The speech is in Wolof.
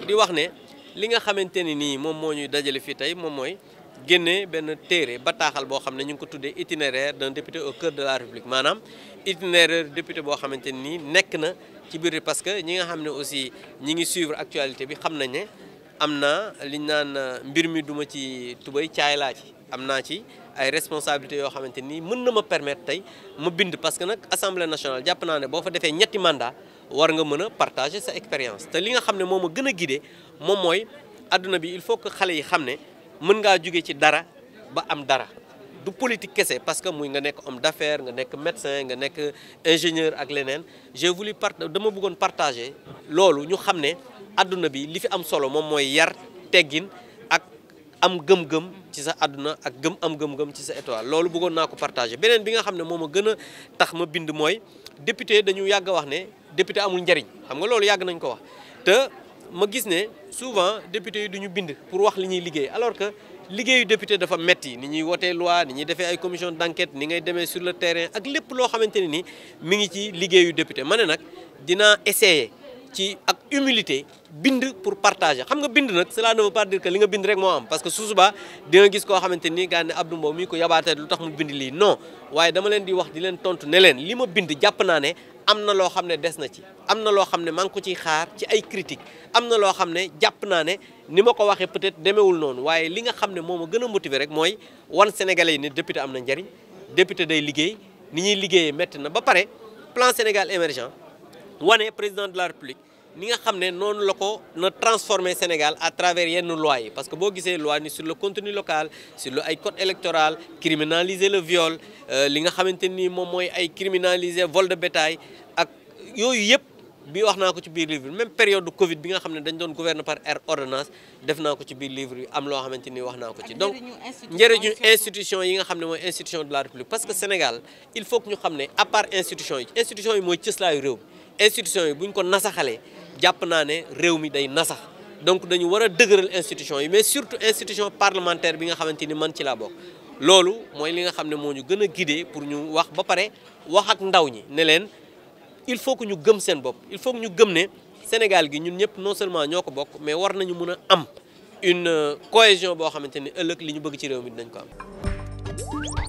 di wax ne li nga xamante ni nii moom moo ñuy dajale fii tey moom mooy génne benn téere bataaxal boo xam ne ñu ngi ko tuddee itinéraire d'un député au cœur de la République maanaam itinéraire député boo xamante ni nii nekk na ci biir parce que ñi nga xam ne aussi ñi ngi suivre actualité bi xam nañ ne am na liñ naan euh, mbir mi duma ci tubay caay laa ci am naa ci ay responsabilités yoo xamante nii mën na ma permettre tey ma bind parce que nag assemblée nationale jàpp naa ne boo fa defee ñetti mandat war nga mën a partager sa expérience te li nga xam ne moom ma gën a guidé moom mooy adduna bi il faut que xale yi xam ne mën ngaa jóge ci dara ba am dara du politique kese parce que muy nga nekk homme d'affaires nga nekk médecin nga nekk ingénieur ak leneen j'ai voulu dama bëggoon partager loolu ñu xam ne àdduna bi li fi am solo moom mooy yar teggin ak am gëm-gëm ci sa àdduna ak gëm am gëm-gëm ci sa étoile loolu bëggoon naa ko partagé beneen bi nga xam ne moom ma gën a tax ma bind mooy député dañu yàgg a wax ne député amul njariñ xam nga loolu yàgg nañ ko wax te ma gis ne souvent député yi duñu bind pour wax li ñuy liggéey alors que liggéeyu député dafa metti ni ñuy wotee loi ni ñuy defee ay commission d'enquête ni ngay demee sur le terrain ak lépp loo xamante ne ni mi ngi ci liggéeyu député ma ne nag dinaa essayer ci humilité bind pour partager xam nga bind nag cela ne veut pas dire que li nga bind rek moo am parce que su subaa di nga gis koo xamante nii gaa ne Abdou Mbow mii ko yabaatee lu tax mu bind lii no waaye dama leen di wax di leen tontu ne leen li ma bind jàpp naa ne am na loo xam ne des na ci am na loo xam ne maa ngi ko ciy xaar ci ay critique am na loo xam ne jàpp naa ne ni ma ko waxee peut-être demeewul noonu waaye li nga xam ne moo ma gën a motiver rek mooy wan Sénégalais yi ne député am na njariñ député day liggéey ni ñuy liggéeyee métti na ba pare plan Sénégal émergent wane président de la République ni nga xam ne noonu la ko na transformer Sénégal à travers yenn loi yi parce que boo gisee loi ni sur le contenu local sur le ay code électoral criminaliser le viol euh, li nga xamante ni moom mooy ay criminaliser vol de bétail ak yooyu yëpp. bi wax naa ko ci biir livre bi même période de Covid bi nga xam ne dañ doon gouverner par ordonnance def naa ko ci biir livre bi am loo xamante ni wax naa ko ci donc njëriñu institution yi nga xam ne mooy institution de la République parce que Sénégal il faut que ñu ne à part institution yi institution yi mooy réew mi yi bu ñu ko nasaxalee jàpp naa ne réew mi day nasax donc dañu war a dëgëral institution yi mais surtout institution parlementaire bi nga xamante ni man ci laa bokk loolu mooy li nga xam ne moo ñu gën a guidé pour ñu wax ba pare wax ak ndaw ñi ne leen il faut que ñu gëm seen bopp il faut que ñu gëm ne Sénégal gi ñun ñëpp non seulement ñoo ko bokk mais war nañu mun a am une euh, cohésion boo xamante ni ëllëg li ñu bëgg ci réew mi dinañ ko am.